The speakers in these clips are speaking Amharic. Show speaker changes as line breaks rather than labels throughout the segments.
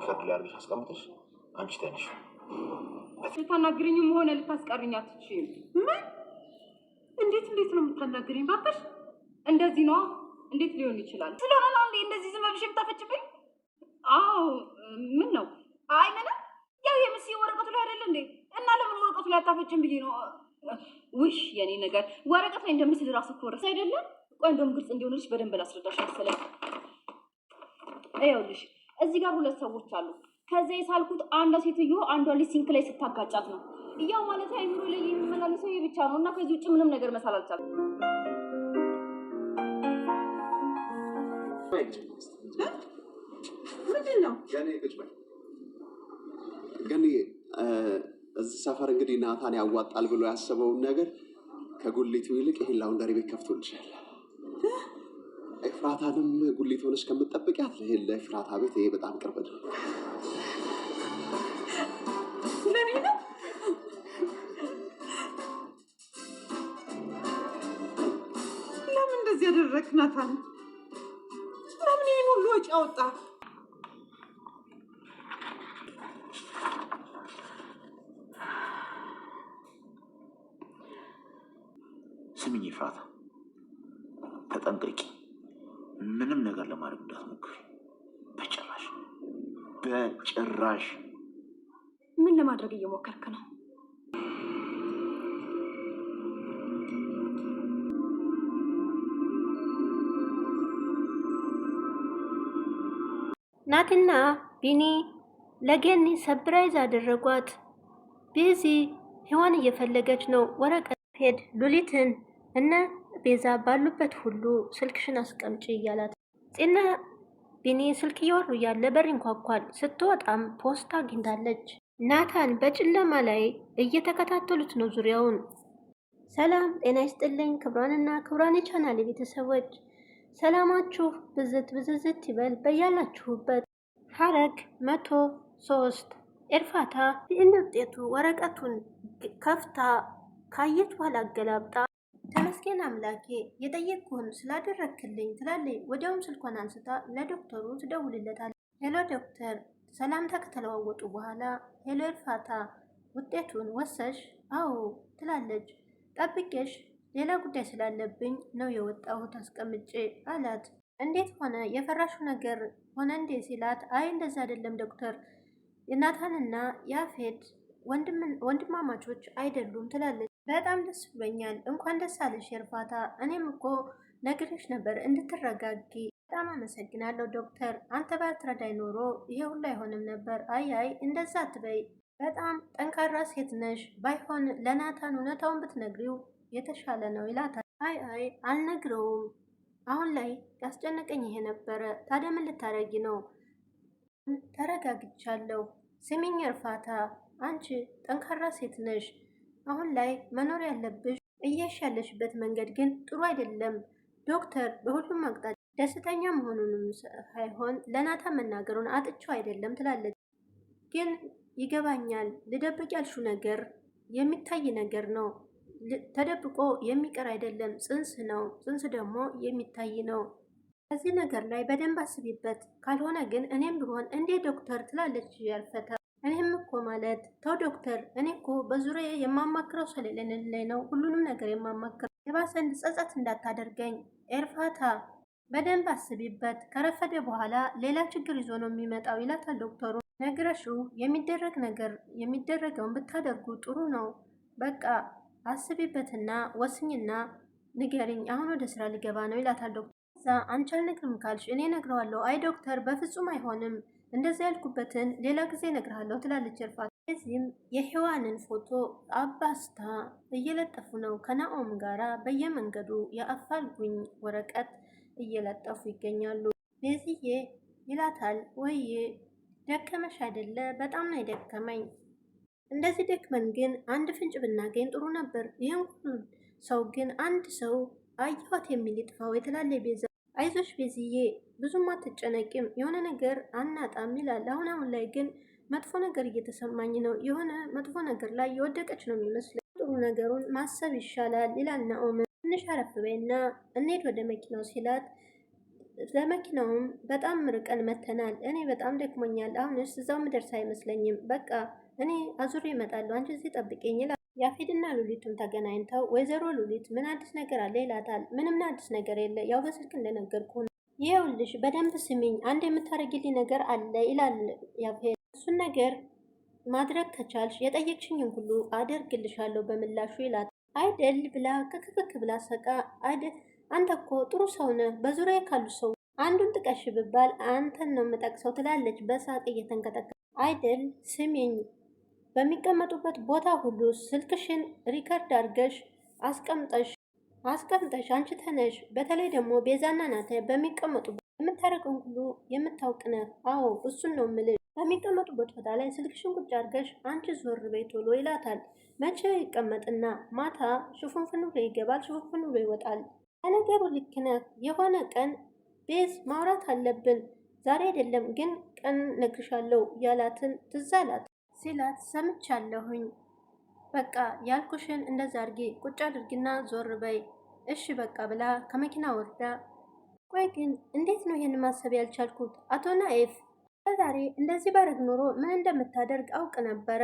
ሪከርድ ላይ አድርገሽ አስቀምጠሽ አንቺ ተነሽ።
ልታናግሪኝም ሆነ ልታስቀርኝ አትችይም።
ምን? እንዴት እንዴት ነው የምታናግሪኝ? እባክሽ እንደዚህ ነዋ። እንዴት ሊሆን ይችላል?
ስለሆነ ነው እንዴ እንደዚህ ዝም ብለሽ የምታፈጭብኝ?
አዎ። ምን ነው?
አይ ምንም። ያው የምስ ወረቀቱ ላይ አይደለ እንዴ? እና ለምን ወረቀቱ ላይ አታፈጭም ብዬ ነው።
ውሽ የኔ ነገር ወረቀት ላይ እንደምስል ራሱ ኮረስ አይደለም። ቆይ እንደውም ግልጽ እንዲሆንልሽ በደንብ ላስረዳሽ መሰለኝ። ይኸውልሽ እዚህ ጋር ሁለት ሰዎች አሉ። ከዚያ የሳልኩት አንዷ ሴትዮ አንዷ ልጅ ሲንክ ላይ ስታጋጫት ነው። እያው ማለት አይምሮ ላይ የሚመላለሰው ይህ ብቻ ነው እና ከዚህ ውጭ ምንም ነገር መሳል አልቻለም።
ግን እዚህ ሰፈር እንግዲህ ናታን ያዋጣል ብሎ ያሰበውን ነገር ከጉሊቱ ይልቅ ይህን ላውንደሪ ቤት ከፍቶ ኤፍራታንም ጉሊት ሆነ ሆነች ከምጠብቂያት ለኤፍራታ ቤት ይሄ በጣም ቅርብ ነው።
ለምን እንደዚህ ያደረግ ናታን? ለምን ይህን ሁሉ ወጪ አወጣ?
ስሚኝ ኤፍራታ ለማድረግ እንዳትሞክሪ። በጭራሽ በጭራሽ።
ምን ለማድረግ እየሞከርክ ነው?
ናትና ቢኒ ለገኒ ሰብራይዝ አደረጓት። ቤዚ ሔዋን እየፈለገች ነው። ወረቀት ሄድ ሉሊትን እነ ቤዛ ባሉበት ሁሉ ስልክሽን አስቀምጪ እያላት ጤና ቢኒ ስልክ እያወሩ እያለ በር ይንኳኳል። ስትወጣም ፖስታ አግኝታለች። ናታን በጨለማ ላይ እየተከታተሉት ነው ዙሪያውን። ሰላም ጤና ይስጥልኝ ክብራንና ክብሯን የቻናል ቤተሰቦች ሰላማችሁ ብዝት ብዝዝት ይበል በያላችሁበት። ሐረግ መቶ ሶስት ኤርፋታ ይህን ውጤቱ ወረቀቱን ከፍታ ካየት በኋላ አገላብጣ ተመስገን አምላኬ የጠየቅኩህን ስላደረክልኝ ትላለች። ወዲያውም ስልኳን አንስታ ለዶክተሩ ትደውልለታል። ሄሎ ዶክተር፣ ሰላምታ ከተለዋወጡ በኋላ ሄሎ እርፋታ፣ ውጤቱን ወሰሽ? አዎ ትላለች። ጠብቄሽ ሌላ ጉዳይ ስላለብኝ ነው የወጣሁት አስቀምጬ አላት። እንዴት ሆነ የፈራሹ ነገር ሆነ እንዴ ሲላት፣ አይ እንደዛ አይደለም ዶክተር፣ የናታንና የአፌድ ወንድማማቾች አይደሉም ትላለች። በጣም ደስ ብሎኛል። እንኳን ደስ አለሽ የርፋታ። እኔም እኮ ነግሬሽ ነበር እንድትረጋጊ። በጣም አመሰግናለሁ ዶክተር። አንተ ባትረዳይ ኖሮ ይሄ ሁሉ አይሆንም ነበር። አይ አይ እንደዛ አትበይ። በጣም ጠንካራ ሴት ነሽ። ባይሆን ለናታን እውነታውን ብትነግሪው የተሻለ ነው ይላታል። አይ አይ አልነግረውም። አሁን ላይ ያስጨነቀኝ ይሄ ነበረ። ታዲያ ምን ልታረጊ ነው? ተረጋግቻለሁ። ስሚኝ እርፋታ፣ አንቺ ጠንካራ ሴት ነሽ። አሁን ላይ መኖር ያለብሽ እየሽ ያለሽበት መንገድ ግን ጥሩ አይደለም። ዶክተር በሁሉም አቅጣጫ ደስተኛ መሆኑንም ሳይሆን ለናታ መናገሩን አጥቼው አይደለም ትላለች። ግን ይገባኛል፣ ልደብቅ ያልሹ ነገር የሚታይ ነገር ነው። ተደብቆ የሚቀር አይደለም። ጽንስ ነው። ጽንስ ደግሞ የሚታይ ነው። ከዚህ ነገር ላይ በደንብ አስቢበት። ካልሆነ ግን እኔም ብሆን እንዴ ዶክተር ትላለች ያልፈታ እኔም እኮ ማለት ተው ዶክተር፣ እኔ እኮ በዙሪያ የማማክረው ስለሌለ ነው ሁሉንም ነገር የማማክረው። የባሰ ጸጸት እንዳታደርገኝ ኤርፋታ፣ በደንብ አስቢበት። ከረፈደ በኋላ ሌላ ችግር ይዞ ነው የሚመጣው ይላታል ዶክተሩ። ነግረሹ የሚደረግ ነገር የሚደረገውን ብታደርጉ ጥሩ ነው። በቃ አስቢበትና ወስኝና ንገሪኝ። አሁን ወደ ስራ ሊገባ ነው ይላታል ዶክተር። እዛ አንቺ አልነግርም ካልሽ እኔ ነግረዋለሁ። አይ ዶክተር፣ በፍጹም አይሆንም እንደዚህ ያልኩበትን ሌላ ጊዜ ነግርሃለሁ ትላለች እርፋት። እዚህም የሔዋንን ፎቶ አባስታ እየለጠፉ ነው ከናኦም ጋራ በየመንገዱ የአፋልጉኝ ወረቀት እየለጠፉ ይገኛሉ። ቤዝዬ ይላታል። ወይዬ ደከመሽ አይደለ? በጣም ነው የደከመኝ። እንደዚህ ደክመን ግን አንድ ፍንጭ ብናገኝ ጥሩ ነበር። ይህን ሁሉ ሰው ግን አንድ ሰው አየኋት የሚል ይጥፋው የተላለ ቤዛ አይዞሽ ቤዝዬ ብዙም አትጨነቂም፣ የሆነ ነገር አናጣም ይላል። አሁን አሁን ላይ ግን መጥፎ ነገር እየተሰማኝ ነው። የሆነ መጥፎ ነገር ላይ የወደቀች ነው የሚመስለው። ጥሩ ነገሩን ማሰብ ይሻላል ይላል ናኦም። ትንሽ አረፍ በይና እንሂድ ወደ መኪናው ሲላት ለመኪናውም በጣም ርቀን መተናል። እኔ በጣም ደክሞኛል። አሁንስ እዛው ምደርስ አይመስለኝም። በቃ እኔ አዙሬ እመጣለሁ፣ አንቺ እዚህ ጠብቀኝ ይላል። ያፌድና ሉሊትም ተገናኝተው ወይዘሮ ሉሊት ምን አዲስ ነገር አለ ይላታል። ምንም አዲስ ነገር የለ፣ ያው በስልክ እንደነገርኩ ይኸውልሽ፣ በደንብ ስሚኝ፣ አንድ የምታደርጊልኝ ነገር አለ ይላል ያፌድ። እሱን ነገር ማድረግ ከቻልሽ የጠየቅሽኝን ሁሉ አደርግልሻለሁ በምላሹ ይላታል። አይደል ብላ ከክክክ ብላ ሰቃ አንተ እኮ ጥሩ ሰው ነህ፣ በዙሪያ ካሉ ሰው አንዱን ጥቀሽ ብባል አንተን ነው የምጠቅሰው ትላለች በሳቅ እየተንቀጠቀ አይደል ስሚኝ በሚቀመጡበት ቦታ ሁሉ ስልክሽን ሪከርድ አድርገሽ አስቀምጠሽ አስቀምጠሽ አንቺ ተነሽ። በተለይ ደግሞ ቤዛና ናተ በሚቀመጡበት የምታደርገውን ሁሉ የምታውቅ ነህ። አዎ እሱን ነው ምልሽ። በሚቀመጡበት ቦታ ላይ ስልክሽን ቁጭ አድርገሽ አንቺ ዞር በይ ቶሎ ይላታል። መቼ ይቀመጥና ማታ ሽፉንፍኑ ብሎ ይገባል፣ ሽፉንፍኑ ብሎ ይወጣል። ከነገሩ ልክ ነህ። የሆነ ቀን ቤዝ ማውራት አለብን ዛሬ አይደለም ግን ቀን ነግርሻለሁ ያላትን ትዝ አላት። ሲላት ሰምቻለሁኝ። በቃ ያልኩሽን እንደዛ አድርጊ፣ ቁጭ አድርጊና ዞር በይ እሺ በቃ ብላ ከመኪና ወርዳ፣ ቆይ ግን እንዴት ነው ይሄን ማሰብ ያልቻልኩት? አቶ ናኤፍ እስከዛሬ እንደዚህ ባረግ ኖሮ ምን እንደምታደርግ አውቅ ነበረ።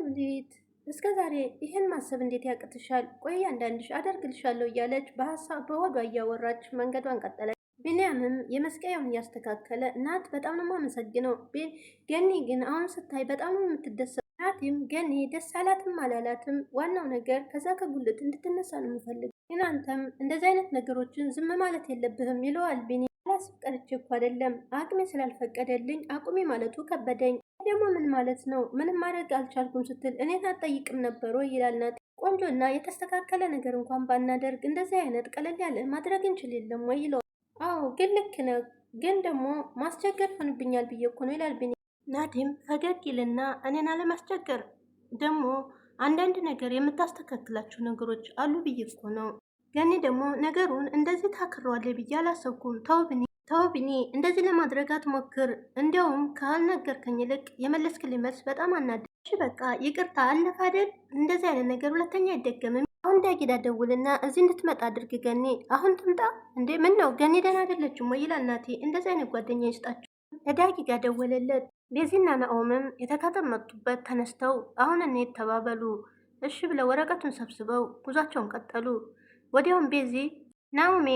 ሉሊት እስከዛሬ ይሄን ማሰብ እንዴት ያቅትሻል? ቆይ አንዳንድሽ አደርግልሻለሁ እያለች በሀሳብ በወዷ እያወራች መንገዷን ቀጠለች። ቢንያምም የመስቀያውን እያስተካከለ ናት። በጣም ነው የማመሰግነው። ገኒ ግን አሁን ስታይ በጣም ነው የምትደሰው። ናቲም ገኒ ደስ አላትም አላላትም፣ ዋናው ነገር ከዛ ከጉልት እንድትነሳ ነው የምፈልግ። ግን አንተም እንደዚ አይነት ነገሮችን ዝም ማለት የለብህም ይለዋል ቢኒ። አላስብ ቀርቼ እኮ አይደለም አቅሜ ስላልፈቀደልኝ አቁሜ ማለቱ ከበደኝ። ደግሞ ምን ማለት ነው? ምንም ማድረግ አልቻልኩም ስትል እኔን ነበር ነበሮ ይላል ናቲ። ቆንጆና የተስተካከለ ነገር እንኳን ባናደርግ እንደዚህ አይነት ቀለል ያለ ማድረግ እንችል የለም ወይ ይለዋል አዎ ግን ልክ ነው፣ ግን ደግሞ ማስቸገር ሆንብኛል ብዬ እኮ ነው ይላል ቢኒ። ናዲም ፈገግ ይልና እኔን አለማስቸገር ደግሞ አንዳንድ ነገር የምታስተካክላቸው ነገሮች አሉ ብዬ እኮ ነው። ገኒ ደግሞ ነገሩን እንደዚህ ታክረዋለህ ብዬ አላሰብኩም። ተው ቢኒ፣ ተው ቢኒ፣ እንደዚህ ለማድረግ አትሞክር። እንዲያውም ካልነገርከኝ ይልቅ የመለስክልኝ መልስ በጣም አናደ እሺ በቃ ይቅርታ አለፈ አይደል? እንደዚህ አይነት ነገር ሁለተኛ አይደገምም። አሁን ዳጊ ዳደውልና እዚህ እንድትመጣ አድርግ ገኔ። አሁን ትምጣ እንዴ? ምን ነው ገኔ ደህና አይደለችም ወይ ይላል ናቲ። እንደዚህ አይነት ጓደኛ ይስጣችሁ። ለዳጊ ጋር ደወለለት። ቤዚና ናኦምም የተቀመጡበት ተነስተው አሁን እኔ ተባበሉ እሺ ብለው ወረቀቱን ሰብስበው ጉዟቸውን ቀጠሉ። ወዲያውም ቤዚ ናኦሜ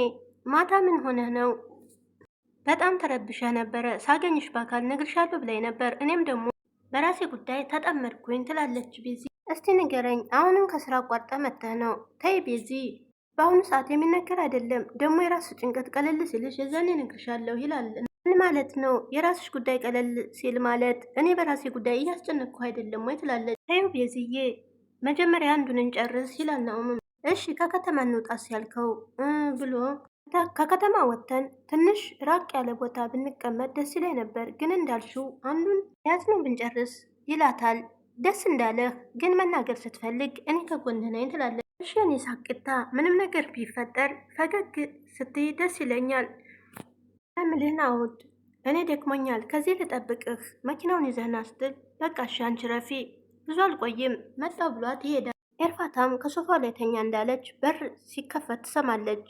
ማታ ምን ሆነህ ነው? በጣም ተረብሸ ነበረ። ሳገኝሽ በአካል ነግርሻለሁ ብላይ ነበር እኔም ደግሞ በራሴ ጉዳይ ተጠመድኩኝ ትላለች ቤዚ። እስቲ ንገረኝ፣ አሁንም ከስራ አቋርጠ መተ ነው? ተይ ቤዚ፣ በአሁኑ ሰዓት የሚነገር አይደለም። ደግሞ የራሱ ጭንቀት ቀለል ሲልሽ የዛኔ እነግርሻለሁ ይላል። ምን ማለት ነው የራስሽ ጉዳይ ቀለል ሲል ማለት? እኔ በራሴ ጉዳይ እያስጨነቅኩ አይደለም ወይ ትላለች። ተይው ቤዚዬ፣ መጀመሪያ አንዱን እንጨርስ ይላል ናኦምም። እሺ ከከተማ እንውጣ ያልከው ብሎ ከከተማ ወጥተን ትንሽ ራቅ ያለ ቦታ ብንቀመጥ ደስ ይለኝ ነበር፣ ግን እንዳልሽው አንዱን ያዝነው ብንጨርስ ይላታል። ደስ እንዳለህ ግን መናገር ስትፈልግ እኔ ከጎንህ ነኝ ትላለች። እሺ እኔ ሳቅታ ምንም ነገር ቢፈጠር ፈገግ ስትይ ደስ ይለኛል። ምልህን አውድ እኔ ደክሞኛል፣ ከዚህ ልጠብቅህ መኪናውን ይዘህና ስትል በቃ እሺ አንቺ ረፊ ብዙ አልቆይም መጣው ብሏት ይሄዳል። ኤርፋታም ከሶፋው ላይ ተኛ እንዳለች በር ሲከፈት ትሰማለች።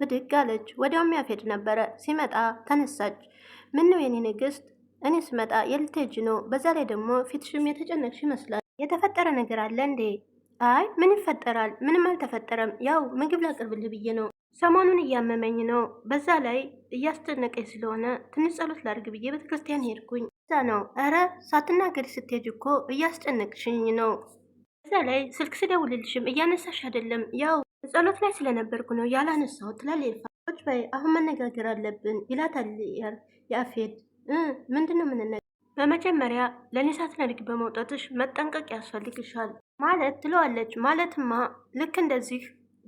ብድግ አለች። ወዲያውም ያፌድ ነበረ ሲመጣ ተነሳች። ምን ነው የኔ ንግስት፣ እኔ ስመጣ የልትሄጂ ነው? በዛ ላይ ደግሞ ፊትሽም የተጨነቅሽ ይመስላል። የተፈጠረ ነገር አለ እንዴ? አይ ምን ይፈጠራል? ምንም አልተፈጠረም። ያው ምግብ ላቅርብልህ ብዬ ነው። ሰሞኑን እያመመኝ ነው፣ በዛ ላይ እያስጨነቀኝ ስለሆነ ትንሽ ጸሎት ላድርግ ብዬ ቤተክርስቲያን ሄድኩኝ። እዛ ነው። ኧረ ሳትናገሪ ስትሄጂ እኮ እያስጨነቅሽኝ ነው እዛ ላይ ስልክ ስደውልልሽም እያነሳሽ አይደለም። ያው ጸሎት ላይ ስለነበርኩ ነው ያላነሳሁት ትላለች ኤልፋ። በይ አሁን መነጋገር አለብን ይላታል ያፌት። ምንድን ነው የምንነጋገር? በመጀመሪያ ለእኔ ሳትነግሪ በመውጣትሽ መጠንቀቅ ያስፈልግሻል ማለት ትለዋለች። ማለትማ ልክ እንደዚህ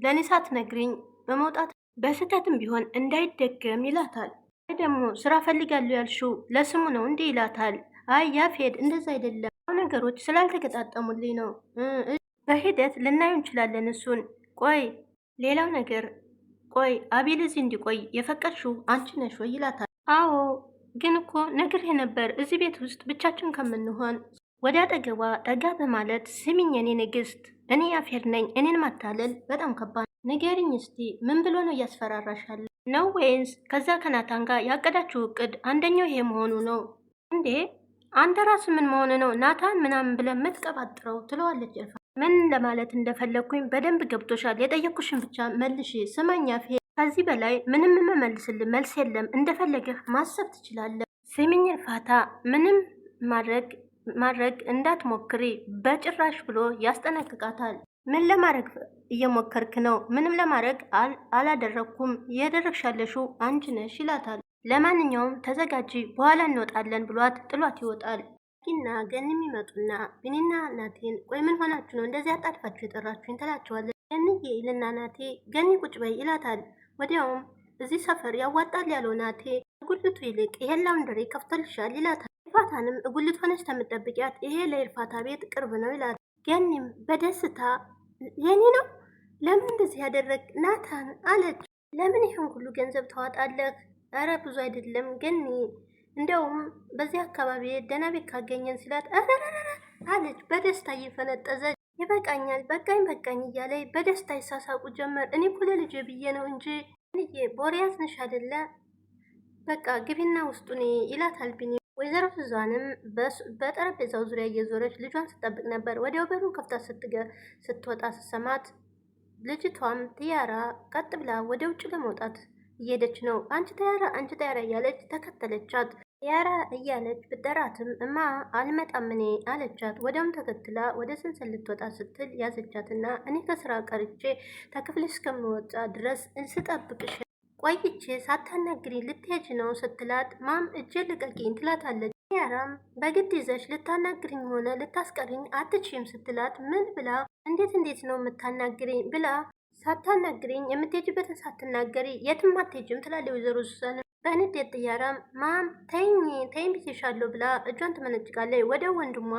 ለእኔ ሳትነግሪኝ በመውጣት በስህተትም ቢሆን እንዳይደገም ይላታል። ደግሞ ስራ ፈልጋለሁ ያልሽው ለስሙ ነው እንዲህ ይላታል። አይ ያፌድ እንደዛ አይደለም፣ ነገሮች ስላልተገጣጠሙልኝ ነው። በሂደት ልናየው እንችላለን እሱን። ቆይ ሌላው ነገር ቆይ አቤል እዚህ እንዲቆይ የፈቀድሽው አንቺ ነሽ ወይ ይላታል። አዎ ግን እኮ ነግሬ ነበር እዚህ ቤት ውስጥ ብቻችን ከምንሆን። ወደ አጠገቧ ጠጋ በማለት ስሚኝ፣ የኔ ንግስት፣ እኔ ያፌድ ነኝ። እኔን ማታለል በጣም ከባድ። ንገሪኝ እስቲ ምን ብሎ ነው እያስፈራራሻል ነው? ወይንስ ከዛ ከናታን ጋር ያቀዳችው እቅድ አንደኛው ይሄ መሆኑ ነው እንዴ? አንተ ራስ ምን መሆን ነው ናታን ምናምን ብለን የምትቀባጥረው ትለዋለች። እርፋ ምን ለማለት እንደፈለግኩኝ በደንብ ገብቶሻል። የጠየኩሽን ብቻ መልሽ። ስማኛ ፌ ከዚህ በላይ ምንም የምመልስል መልስ የለም። እንደፈለገህ ማሰብ ትችላለህ። ስሚኝ እርፋታ፣ ምንም ማድረግ ማድረግ እንዳትሞክሪ በጭራሽ ብሎ ያስጠነቅቃታል። ምን ለማድረግ እየሞከርክ ነው? ምንም ለማድረግ አላደረግኩም። የደረግሻለሹ አንቺ ነሽ ይላታል። ለማንኛውም ተዘጋጂ በኋላ እንወጣለን ብሏት ጥሏት ይወጣል። ኪና ገኒ የሚመጡና ቢኒና ናቴን ቆይ ምን ሆናችሁ ነው እንደዚህ አጣድፋችሁ የጠራችሁኝ? ትላቸዋለች። ገን ይልና ናቴ ገኒ ቁጭ በይ ይላታል። ወዲያውም እዚህ ሰፈር ያዋጣል ያለው ናቴ ጉልቱ ይልቅ ይሄን ላውንደሪ ከፍቶልሻል ይላታል። እርፋታንም እጉልት ሆነች ተምጠብቂያት ይሄ ለእርፋታ ቤት ቅርብ ነው ይላል። ገኒም በደስታ የኔ ነው ለምን እንደዚህ ያደረግ ናታን አለች። ለምን ይህን ሁሉ ገንዘብ ታዋጣለህ እረ ብዙ አይደለም ግን እንደውም በዚህ አካባቢ ደህና ቤት ካገኘን ሲላት አለች በደስታ እየፈነጠዘ ይበቃኛል በቃኝ በቃኝ እያለ በደስታ ይሳሳቁ ጀመር። እኔ እኮ ልጅ ብዬ ነው እንጂ ንዬ ቦሪያት ነሽ አይደለ በቃ ግቢና ውስጡን ይላታል ቢኒ። ወይዘሮ ፍዟንም በጠረጴዛው ዙሪያ እየዞረች ልጇን ስጠብቅ ነበር። ወዲያው በሩን ከፍታ ስትወጣ ስሰማት ልጅቷም ቲያራ ቀጥ ብላ ወደ ውጭ ለመውጣት እየሄደች ነው። አንቺ ተያራ፣ አንቺ ተያራ እያለች ተከተለቻት። ያራ እያለች ብጠራትም እማ አልመጣም እኔ አለቻት። ወዲያውም ተከትላ ወደ ሰንሰል ልትወጣ ስትል ያዘቻትና እኔ ከስራ ቀርቼ ተክፍል እስከምወጣ ድረስ ስጠብቅሽ ቆይቼ ሳታናግሪ ልትሄጅ ነው ስትላት ማም እጅ ልቀቂኝ ትላታለች። ያራም በግድ ይዘሽ ልታናግሪኝ ሆነ ልታስቀሪኝ አትችም ስትላት ምን ብላ እንዴት እንዴት ነው የምታናግሪኝ ብላ ሳታናግሪኝ የምትሄጂበትን ሳትናገሪ የትም አትሄጂም ትላለች ወይዘሮ ሱሳን። በንዴት ጥያራም ማም ተኝ ተኝ ብዬሻለሁ ብላ እጇን ትመነጭቃለች። ወደ ወንድሟ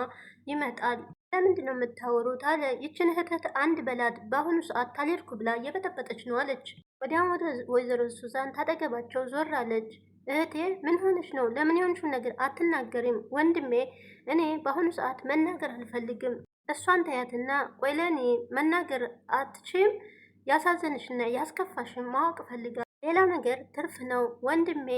ይመጣል። ለምንድን ነው የምታወሩት አለ። ይችን እህት አንድ በላት በአሁኑ ሰዓት ታሌድኩ ብላ እየበጠበጠች ነው አለች። ወዲያም ወደ ወይዘሮ ሱዛን ታጠገባቸው ዞር አለች። እህቴ ምን ሆነች ነው? ለምን የሆንሽውን ነገር አትናገሪም? ወንድሜ እኔ በአሁኑ ሰዓት መናገር አልፈልግም። እሷን ታያትና ቆይለኔ መናገር አትችም ያሳዘንሽና ያስከፋሽን ማወቅ ፈልጋል። ሌላው ነገር ትርፍ ነው ወንድሜ፣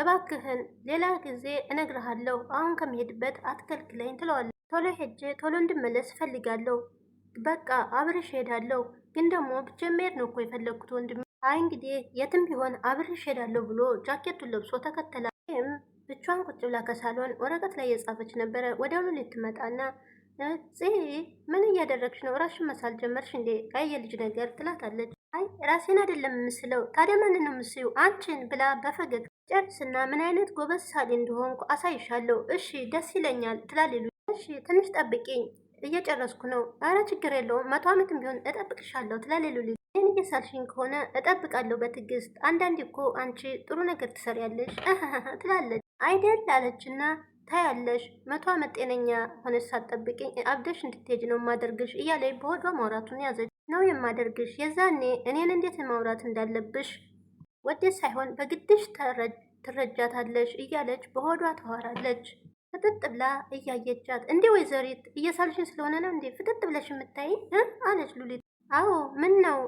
እባክህን ሌላ ጊዜ እነግርሃለሁ። አሁን ከመሄድበት አትከልክለኝ ትለዋለች። ቶሎ ሄጄ ቶሎ እንድመለስ እፈልጋለሁ። በቃ አብርሽ ሄዳለሁ፣ ግን ደግሞ ብቻ መሄድ ነው እኮ የፈለግኩት ወንድሜ። አይ እንግዲህ የትም ቢሆን አብርሽ ሄዳለሁ ብሎ ጃኬቱን ለብሶ ተከተላ። ይህም ብቻዋን ቁጭ ብላ ከሳሎን ወረቀት ላይ የጻፈች ነበረ። ወዲያውኑ ልትመጣና ጽሄ ምን እያደረግሽ ነው? ራሽ መሳል ጀመርሽ እንዴ? ቀይ ልጅ ነገር ትላታለች። አይ ራሴን አይደለም ምስለው፣ ታዲያ ማን ነው ምስዩ? አንቺን ብላ በፈገግ ጨርስና ምን አይነት ጎበዝ ሳሌ እንደሆንኩ አሳይሻለሁ። እሺ ደስ ይለኛል ትላሌሉ። እሺ ትንሽ ጠብቂኝ እየጨረስኩ ነው። አረ ችግር የለውም መቶ ዓመትም ቢሆን እጠብቅሻለሁ ትላሌሉ። ይህን እየሳልሽኝ ከሆነ እጠብቃለሁ በትዕግስት። አንዳንድ እኮ አንቺ ጥሩ ነገር ትሰሪያለሽ ትላለች። አይደል አለችና ታያለሽ መቶ ዓመት ጤነኛ ሆነሽ ሳትጠብቂኝ አብደሽ እንድትሄጅ ነው የማደርግሽ እያለ በሆዷ ማውራቱን ያዘች። ነው የማደርግሽ የዛኔ እኔን እንዴት ማውራት እንዳለብሽ ወደ ሳይሆን በግድሽ ትረጃታለሽ እያለች በሆዷ ታወራለች። ፍጥጥ ብላ እያየቻት እንዴ ወይዘሪት እየሳልሽን ስለሆነ ነው እንዴ ፍጥጥ ብለሽ የምታይ አለች ሉሊት። አዎ ምን ነው?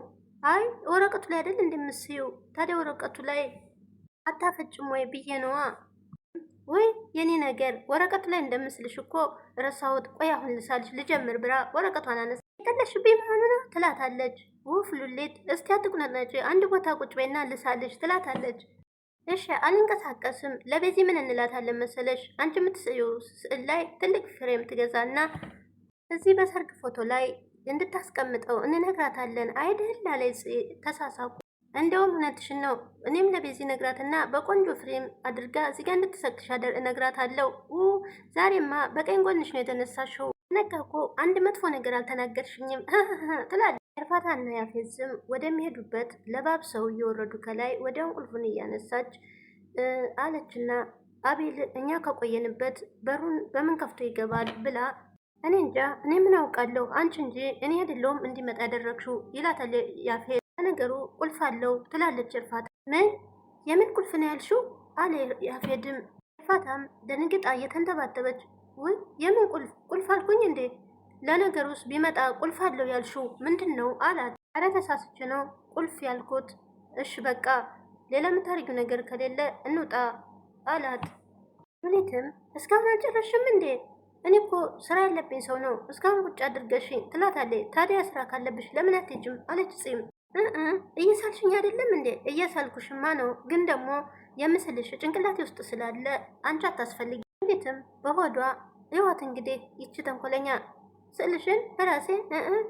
አይ ወረቀቱ ላይ አይደል እንደምስዩ ታዲያ ወረቀቱ ላይ አታፈጭም ወይ ብዬ ነዋ ወይ የኔ ነገር ወረቀቱ ላይ እንደምስልሽ እኮ ረሳሁት፣ ቆይ አሁን ልሳልሽ ልጀምር ብላ ወረቀቷን አነሳ። የጠለሽብኝ መሆኑ ነው ትላታለች። ውፍ ሉሌት እስቲ አትቁነጥነጪ፣ አንድ ቦታ ቁጭ በይና ልሳልሽ ትላታለች። እሺ አልንቀሳቀስም። ለቤዚ ምን እንላታለን መሰለሽ? አንቺ የምትስዩ ስዕል ላይ ትልቅ ፍሬም ትገዛና እዚህ በሰርግ ፎቶ ላይ እንድታስቀምጠው እንነግራታለን። አይደህላ ላይ ተሳሳኩ። እንደውም እውነትሽን ነው። እኔም ለቤዚ ነግራትና በቆንጆ ፍሬም አድርጋ እዚጋ አለው። ው ዛሬማ በቀኝ ጎንሽ ነው የተነሳሽው። ነቃ እኮ አንድ መጥፎ ነገር አልተናገርሽኝም ትላለች። እርፋታና ያፌዝም ወደሚሄዱበት ለባብ ሰው እየወረዱ ከላይ ወዲያውን ቁልፉን እያነሳች አለችና አቤል እኛ ከቆየንበት በሩን በምን ከፍቶ ይገባል ብላ እኔ እንጃ እኔ ምን አውቃለሁ አንቺ እንጂ እኔ አይደለሁም እንዲመጣ ያደረግሽው ይላታል ያፌ ለነገሩ ቁልፍ አለው ትላለች እርፋታ። ምን የምን ቁልፍ ነው ያልሹ? አለ ያፌድም። እርፋታም ደንግጣ እየተንተባተበች ውይ የምን ቁልፍ ቁልፍ አልኩኝ እንዴ? ለነገሩ ውስጥ ቢመጣ ቁልፍ አለው ያልሹ ምንድን ነው አላት። አረ ነው ቁልፍ ያልኩት። እሽ በቃ ሌላ የምታደርጊው ነገር ከሌለ እንውጣ አላት። ሁኔትም እስካሁን አልጨረሽም እንዴ? እኔ እኮ ስራ ያለብኝ ሰው ነው እስካሁን ቁጭ አድርገሽ ትላታለች። ታዲያ ስራ ካለብሽ ለምን አትሄጂም? አለች ጽም እየሳልሽኝ አይደለም እንዴ? እየሳልኩሽማ ነው፣ ግን ደግሞ የምስልሽ ጭንቅላቴ ውስጥ ስላለ አንቺ አታስፈልጊ። እንዴትም በሆዷ ህይወት እንግዲህ ይቺ ተንኮለኛ ስልሽን በራሴ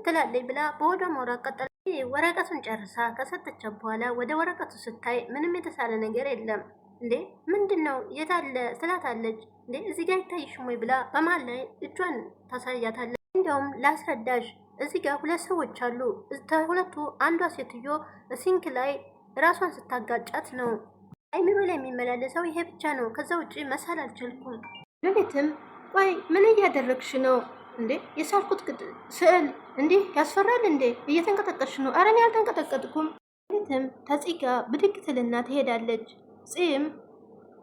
ትላለች ብላ በሆዷ ማውራት ቀጠለ። ወረቀቱን ጨርሳ ከሰጠቻ በኋላ ወደ ወረቀቱ ስታይ ምንም የተሳለ ነገር የለም። እንዴ ምንድን ነው የታለ ስላታለች፣ እንዴ እዚህ ጋር ይታይሽም ወይ ብላ በመሀል ላይ እጇን ታሳያታለች። እንዲያውም ላስረዳሽ እዚህ ጋር ሁለት ሰዎች አሉ። ሁለቱ አንዷ ሴትዮ ሲንክ ላይ ራሷን ስታጋጫት ነው አይምሮ ላይ የሚመላለሰው ይሄ ብቻ ነው። ከዛ ውጭ መሳል አልቻልኩም። ሉሊትም ቆይ ምን እያደረግሽ ነው እንዴ? የሳልኩት ስዕል እንዲህ ያስፈራል እንዴ? እየተንቀጠቀሽ ነው? አረኔ አልተንቀጠቀጥኩም። ሉሊትም ተጽጋ ብድግ ትልና ትሄዳለች። ጽም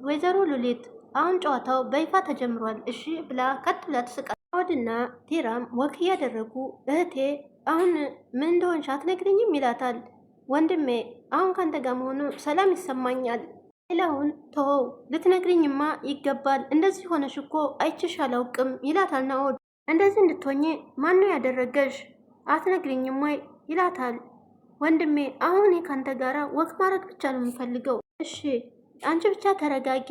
ወይዘሮ ሉሊት አሁን ጨዋታው በይፋ ተጀምሯል እሺ ብላ ከት ብላ ትስቃል። ናኦድና ቴራም ወክ እያደረጉ እህቴ አሁን ምን እንደሆንሽ አትነግሪኝም ይላታል። ወንድሜ አሁን ካንተ ጋር መሆኑ ሰላም ይሰማኛል። ሌላውን ተወው፣ ልትነግሪኝማ ይገባል። እንደዚህ ሆነሽ እኮ አይችሽ አላውቅም ይላታል ናኦድ። እንደዚህ እንድትሆኚ ማነው ያደረገሽ? አትነግሪኝም ወይ ይላታል። ወንድሜ አሁን ካንተ ጋራ ወክ ማድረግ ብቻ ነው የምፈልገው። እሺ አንቺ ብቻ ተረጋጊ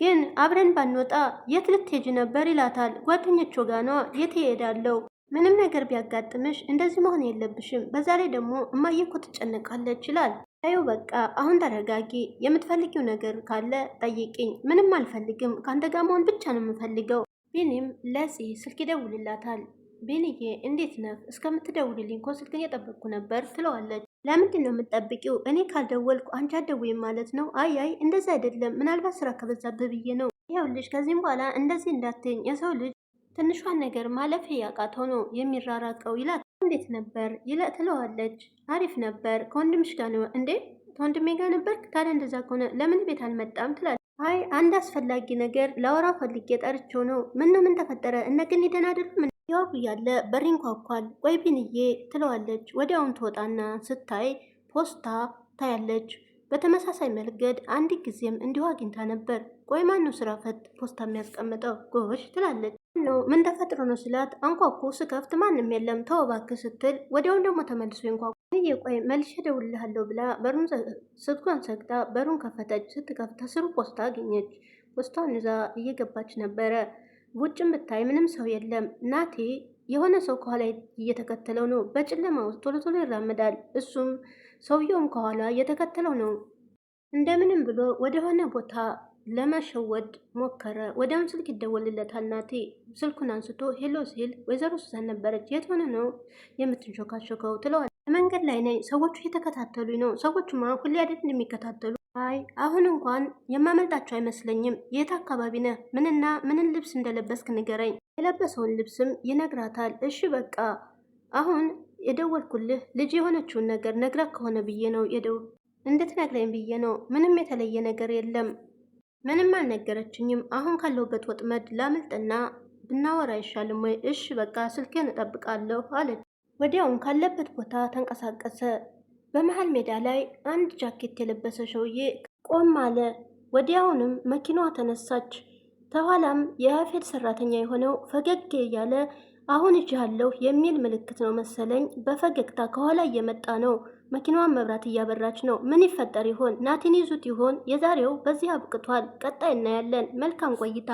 ግን አብረን ባንወጣ የት ልትሄጅ ነበር ይላታል። ጓደኞቹ ጋኗ የት ይሄዳለው? ምንም ነገር ቢያጋጥምሽ እንደዚህ መሆን የለብሽም። በዛ ላይ ደግሞ እማዬ እኮ ትጨነቃለች ይላል። አዩ በቃ አሁን ተረጋጊ፣ የምትፈልጊው ነገር ካለ ጠይቅኝ። ምንም አልፈልግም፣ ከአንተ ጋር መሆን ብቻ ነው የምፈልገው። ቢኒም ለዚህ ስልክ ይደውልላታል። ቤንዬ እንዴት ነህ? እስከምትደውልልኝ እኮ ስልክን የጠበቅኩ ነበር ትለዋለች። ለምንድን ነው የምትጠብቂው? እኔ ካልደወልኩ አንቺ አደውይም ማለት ነው? አይ አይ እንደዚህ አይደለም፣ ምናልባት ስራ ከበዛብህ ብዬ ነው። ይኸውልሽ ከዚህም በኋላ እንደዚህ እንዳትኝ፣ የሰው ልጅ ትንሿን ነገር ማለፍ ያቃተው ነው የሚራራቀው ይላት። እንዴት ነበር ትለዋለች። አሪፍ ነበር። ከወንድምሽ ጋር ነው እንዴ? ከወንድሜ ጋር ነበር። ታዲያ እንደዛ ከሆነ ለምን ቤት አልመጣም? ትላለች። አይ አንድ አስፈላጊ ነገር ላወራ ፈልጌ ጠርቼው ነው። ምን ነው ምን ተፈጠረ? እነ ግን ይደናደሉ ያወሩ እያለ በር ይንኳኳል። ቆይ ቢንዬ ትለዋለች። ወዲያውን ትወጣና ስታይ ፖስታ ታያለች። በተመሳሳይ መልገድ አንድ ጊዜም እንዲሁ አግኝታ ነበር። ቆይ ማነው ስራ ፈት ፖስታ የሚያስቀምጠው ጎሽ ትላለች። ነው ምን ተፈጥሮ ነው ስላት አንኳኩ ስከፍት ማንም የለም ተወባክ ስትል ወዲያውን ደግሞ ተመልሶ ይንኳኩ ይሄ ቆይ መልሼ እደውልልሃለሁ ብላ በሩን ስልኳን ሰግታ በሩን ከፈተች። ስትከፍት ስሩ ፖስታ አገኘች። ፖስታውን ይዛ እየገባች ነበረ። ውጭ ብታይ ምንም ሰው የለም። ናቴ የሆነ ሰው ከኋላ እየተከተለው ነው። በጨለማ ውስጥ ቶሎ ቶሎ ይራመዳል። እሱም ሰውየውም ከኋላ እየተከተለው ነው። እንደምንም ብሎ ወደሆነ ቦታ ለመሸወድ ሞከረ። ወዲያውኑ ስልክ ይደወልለታል። ናቴ ስልኩን አንስቶ ሄሎ ሲል ወይዘሮ ሱዛን ነበረች። የት ሆነ ነው የምትንሾካሾከው? ትለዋል። መንገድ ላይ ነኝ፣ ሰዎቹ እየተከታተሉኝ ነው። ሰዎቹማ ሁሌ አይደል እንደሚከታተሉ አይ አሁን እንኳን የማመልጣቸው አይመስለኝም። የት አካባቢ ነህ? ምንና ምንን ልብስ እንደለበስክ ንገረኝ። የለበሰውን ልብስም ይነግራታል። እሺ በቃ አሁን የደወልኩልህ ልጅ የሆነችውን ነገር ነግረህ ከሆነ ብዬ ነው የደው እንድትነግረኝ ብዬ ነው። ምንም የተለየ ነገር የለም። ምንም አልነገረችኝም። አሁን ካለሁበት ወጥመድ ላምልጥና ብናወራ አይሻልም ወይ? እሺ በቃ ስልኬን እጠብቃለሁ አለች። ወዲያውም ካለበት ቦታ ተንቀሳቀሰ። በመሀል ሜዳ ላይ አንድ ጃኬት የለበሰ ሰውዬ ቆም አለ። ወዲያውንም መኪናዋ ተነሳች። ከኋላም የአፌድ ሰራተኛ የሆነው ፈገግ እያለ አሁን እጅሃለሁ የሚል ምልክት ነው መሰለኝ በፈገግታ ከኋላ እየመጣ ነው። መኪናዋን መብራት እያበራች ነው። ምን ይፈጠር ይሆን? ናቲን ይዙት ይሆን? የዛሬው በዚህ አብቅቷል። ቀጣይ እናያለን። መልካም ቆይታ